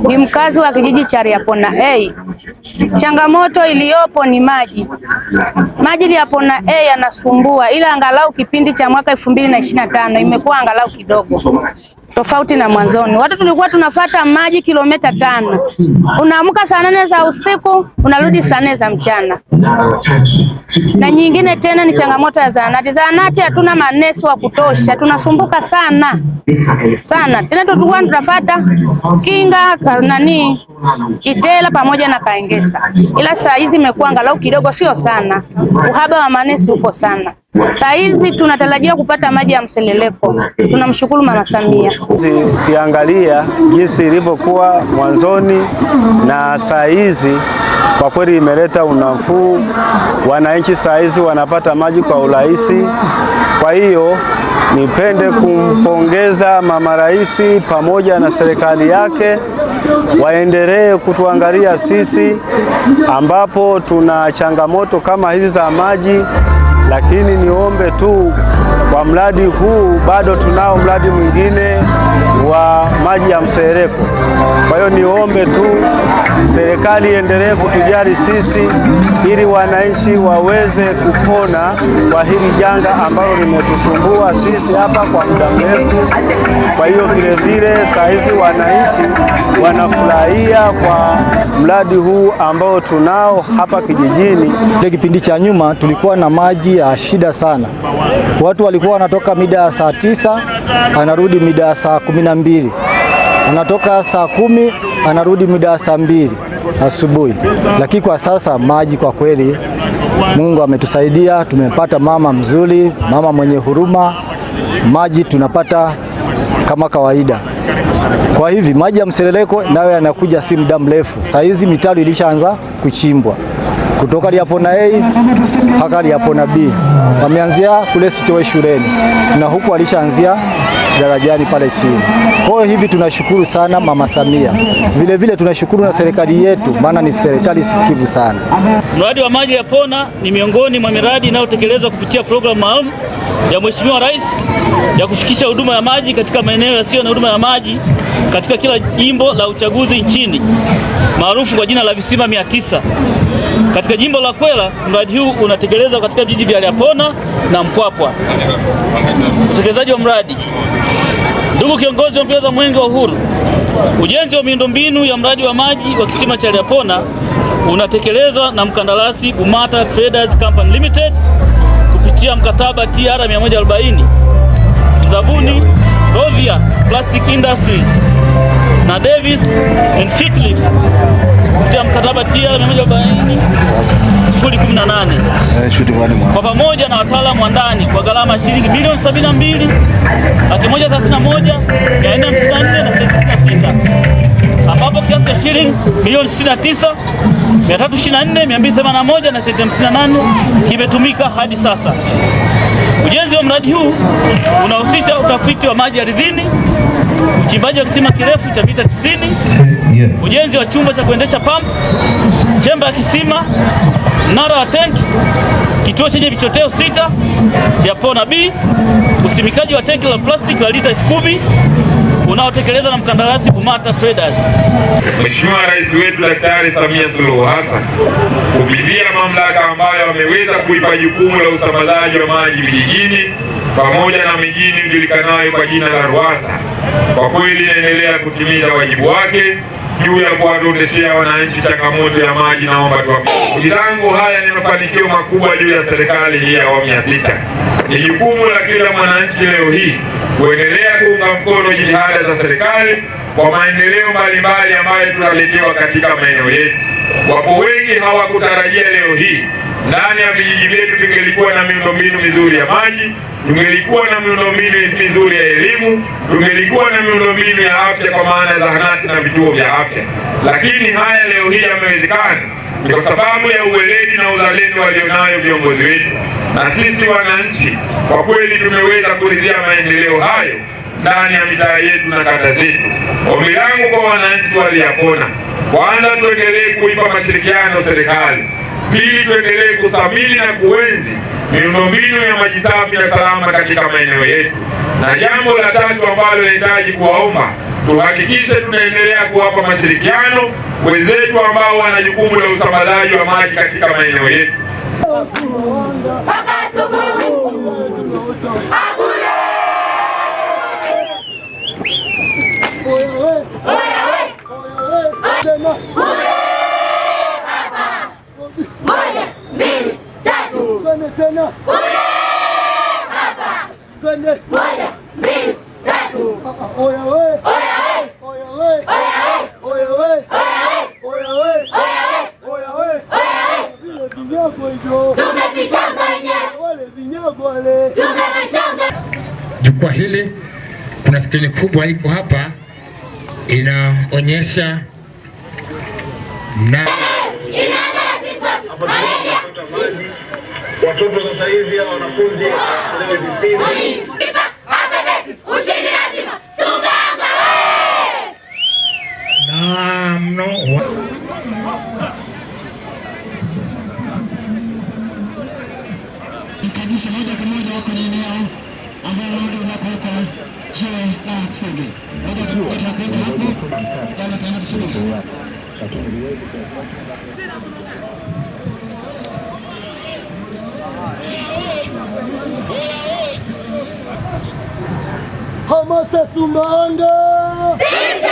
ni mkazi wa kijiji cha Liapona A. Changamoto iliyopo ni maji. Maji Liapona A yanasumbua, ila angalau kipindi cha mwaka elfu mbili na ishirini na tano imekuwa angalau kidogo tofauti na mwanzoni. Watu tulikuwa tunafata maji kilomita tano. Unaamka saa nane za usiku unarudi saa za mchana. Na nyingine tena ni changamoto ya zahanati. Zahanati hatuna manesi wa kutosha, tunasumbuka sana sana. Tena tulikuwa tunafata kinga nani Itela pamoja na Kaengesa, ila saa hizi imekuwa angalau kidogo, sio sana. Uhaba wa manesi uko sana. Saa hizi tunatarajia kupata maji ya mseleleko. Tunamshukuru Mama Samia. Ukiangalia jinsi ilivyokuwa mwanzoni na saa hizi, kwa kweli imeleta unafuu. Wananchi saa hizi wanapata maji kwa urahisi. Kwa hiyo nipende kumpongeza Mama Rais pamoja na serikali yake waendelee kutuangalia sisi ambapo tuna changamoto kama hizi za maji lakini niombe tu kwa mradi huu, bado tunao mradi mwingine wa maji ya msereko. Kwa hiyo niombe tu serikali iendelee kutujali sisi ili wananchi waweze kupona kwa hili janga ambalo limetusumbua sisi hapa kwa muda mrefu. Kwa hiyo vilevile saa hizi wananchi wanafurahia kwa mradi huu ambao tunao hapa kijijini. Ile kipindi cha nyuma tulikuwa na maji ya shida sana, watu walikuwa wanatoka mida ya saa tisa anarudi mida ya saa kumi na mbili anatoka saa kumi anarudi muda saa mbili asubuhi. Lakini kwa sasa maji kwa kweli, Mungu ametusaidia, tumepata mama mzuri, mama mwenye huruma. Maji tunapata kama kawaida. Kwa hivi maji ya mserereko nayo yanakuja si muda mrefu. Saa hizi mitaro ilishaanza kuchimbwa kutoka Liapona A mpaka Liapona B, wameanzia kule Sichowe shuleni na huku alishaanzia darajani pale chini. Kwa hiyo hivi tunashukuru sana Mama Samia, vilevile vile tunashukuru na serikali yetu, maana ni serikali sikivu sana. Mradi wa maji ya Pona ni miongoni mwa miradi inayotekelezwa kupitia programu maalum ya Mheshimiwa Rais ya kufikisha huduma ya maji katika maeneo yasiyo na huduma ya maji katika kila jimbo la uchaguzi nchini maarufu kwa jina la visima mia tisa. Katika jimbo la Kwela, mradi huu unatekelezwa katika vijiji vya Lyapona na Mpwapwa utekelezaji wa mradi. Ndugu kiongozi wa mbio za Mwenge wa Uhuru, ujenzi wa miundombinu ya mradi wa maji wa kisima cha Lyapona unatekelezwa na mkandarasi Bumata Traders Company Limited kupitia mkataba TR 140, zabuni Rovia Plastic Industries na Davis and Shitliff kupitia mkataba TR 140 018 kwa pamoja na wataalamu wa ndani kwa gharama shilingi bilioni 72 laki moja thelathini na moja mia nne hamsini na nne na senti sitini na sita ambapo kiasi cha shilingi milioni 69 mia tatu ishirini na nne mia mbili themanini na moja na senti hamsini na nane kimetumika hadi sasa. Ujenzi wa mradi huu unahusisha utafiti wa maji ardhini uchimbaji wa kisima kirefu cha mita 90, ujenzi wa chumba cha kuendesha pump, chemba ya kisima, mnara wa tenki, kituo chenye vichoteo sita vya pona B, usimikaji wa tenki la plastiki la lita 10000 unaotekelezwa na mkandarasi Bumata Traders. Mheshimiwa Rais wetu Daktari Samia Suluhu Hassan kupitia mamlaka ambayo ameweza kuipa jukumu la usambazaji wa maji vijijini pamoja na mijini ujulikanayo kwa jina la Ruwasa kwa kweli inaendelea kutimiza wajibu wake juu ya kuwadondeshea wananchi changamoto ya maji. Naomba ndugu zangu, haya ni mafanikio makubwa juu ya serikali hii ya awamu ya sita. Ni jukumu la kila mwananchi leo hii kuendelea kuunga mkono jitihada za serikali kwa maendeleo mbalimbali ambayo tunaletewa katika maeneo yetu. Wapo wengi hawakutarajia leo hii ndani ya vijiji vyetu tungelikuwa na miundombinu mizuri ya maji, tungelikuwa na miundombinu mizuri ya elimu, tungelikuwa na miundombinu ya afya, kwa maana ya zahanati na vituo vya afya. Lakini haya leo hii yamewezekana ni kwa sababu ya uweledi na uzalendo walionayo viongozi wetu, na sisi wananchi kwa kweli tumeweza kuridhia maendeleo hayo ndani ya mitaa yetu na kata zetu. Ombi langu kwa wananchi waliyapona, kwanza tuendelee kuipa mashirikiano serikali Pili, tuendelee kusamili na kuenzi miundombinu ya maji safi na salama katika maeneo yetu. Na jambo la tatu ambalo linahitaji kuwaomba, tuhakikishe tunaendelea kuwapa mashirikiano wenzetu ambao wana jukumu la usambazaji wa maji katika maeneo yetu. Moja, mbili, tatu. Twende tena. Kule hapa. Twende. Moja, mbili, tatu. Oya we. Oya we. Oya we. Oya we. Oya we. Oya we. Vile vinyago hivyo. Wale vinyago wale. hili kuna skrini kubwa iko hapa inaonyesha na Watoto sasa hivi hao wanafunzi wanaelewa vipindi lakini huwezi Sasa Sumbawanga sisi